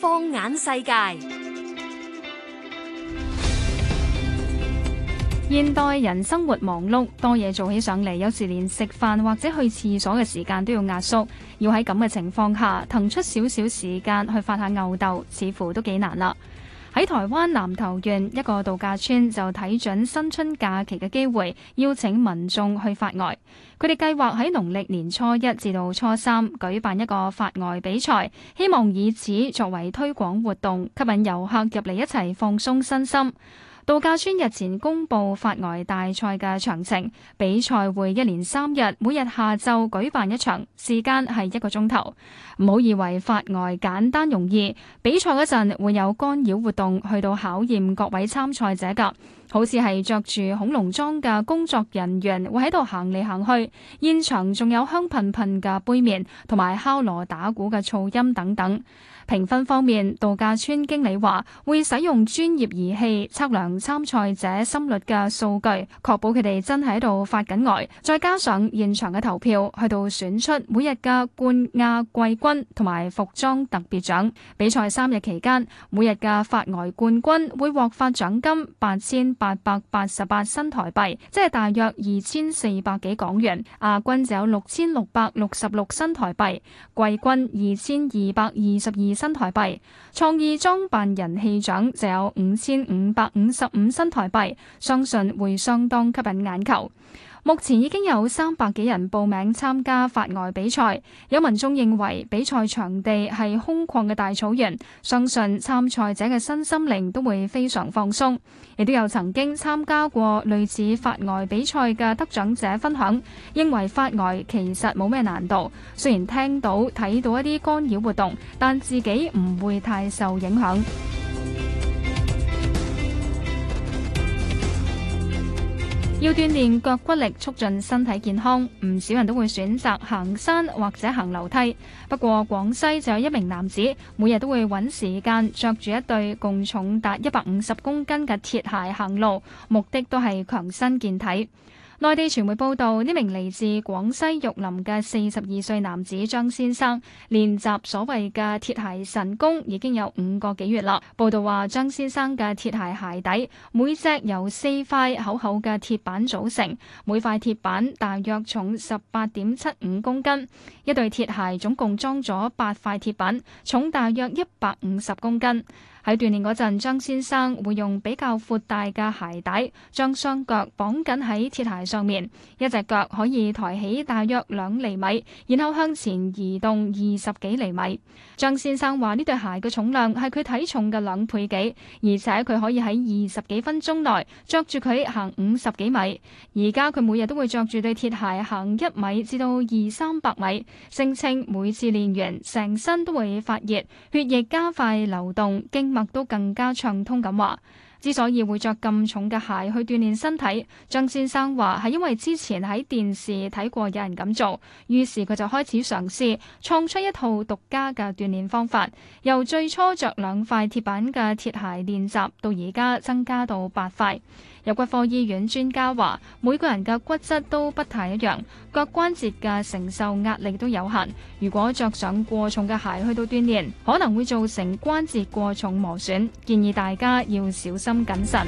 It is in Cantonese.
放眼世界，現代人生活忙碌，多嘢做起上嚟，有時連食飯或者去廁所嘅時間都要壓縮。要喺咁嘅情況下，騰出少少時間去發下吽逗，似乎都幾難啦。喺台灣南投縣一個度假村就睇準新春假期嘅機會，邀請民眾去發呆。佢哋計劃喺農曆年初一至到初三舉辦一個發呆比賽，希望以此作為推廣活動，吸引遊客入嚟一齊放鬆身心。度假村日前公布發呆大賽嘅詳情，比賽會一連三日，每日下晝舉辦一場，時間係一個鐘頭。唔好以為發呆簡單容易，比賽嗰陣會有干擾活動，去到考驗各位參賽者噶。好似係着住恐龍裝嘅工作人員會喺度行嚟行去，現場仲有香噴噴嘅杯麵同埋敲鑼打鼓嘅噪音等等。評分方面，度假村經理話會使用專業儀器測量參賽者心率嘅數據，確保佢哋真係喺度發緊呆。再加上現場嘅投票，去到選出每日嘅冠亞季軍同埋服裝特別獎。比賽三日期間，每日嘅發呆冠軍會獲發獎金八千。八百八十八新台幣，即係大約二千四百幾港元。亞軍就有六千六百六十六新台幣，季軍二千二百二十二新台幣，創意裝扮人氣獎就有五千五百五十五新台幣，相信會相當吸引眼球。目前已經有三百幾人報名參加發呆比賽。有民眾認為比賽場地係空曠嘅大草原，相信參賽者嘅身心靈都會非常放鬆。亦都有曾經參加過類似發呆比賽嘅得獎者分享，認為發呆其實冇咩難度。雖然聽到睇到一啲干擾活動，但自己唔會太受影響。要鍛煉腳骨力，促進身體健康，唔少人都會選擇行山或者行樓梯。不過，廣西就有一名男子，每日都會揾時間着住一對共重達一百五十公斤嘅鐵鞋行路，目的都係強身健體。內地傳媒報道，呢名嚟自廣西玉林嘅四十二歲男子張先生練習所謂嘅鐵鞋神功已經有五個幾月啦。報道話，張先生嘅鐵鞋鞋底每隻由四塊厚厚嘅鐵板組成，每塊鐵板大約重十八點七五公斤，一對鐵鞋總共裝咗八塊鐵板，重大約一百五十公斤。喺鍛鍊嗰陣，張先生會用比較闊大嘅鞋帶，將雙腳綁緊喺鐵鞋上面，一隻腳可以抬起大約兩厘米，然後向前移動二十幾厘米。張先生話呢對鞋嘅重量係佢體重嘅兩倍幾，而且佢可以喺二十幾分鐘內着住佢行五十幾米。而家佢每日都會着住對鐵鞋行一米至到二三百米，聲稱每次練完成身都會發熱，血液加快流動，經脈都更加暢通咁話。之所以會着咁重嘅鞋去鍛煉身體，張先生話係因為之前喺電視睇過有人咁做，於是佢就開始嘗試創出一套獨家嘅鍛煉方法。由最初着兩塊鐵板嘅鐵鞋練習到而家增加到八塊，有骨科醫院專家話每個人嘅骨質都不太一樣，各關節嘅承受壓力都有限。如果着上過重嘅鞋去到鍛煉可能會造成關節過重磨損，建議大家要小心。謹慎。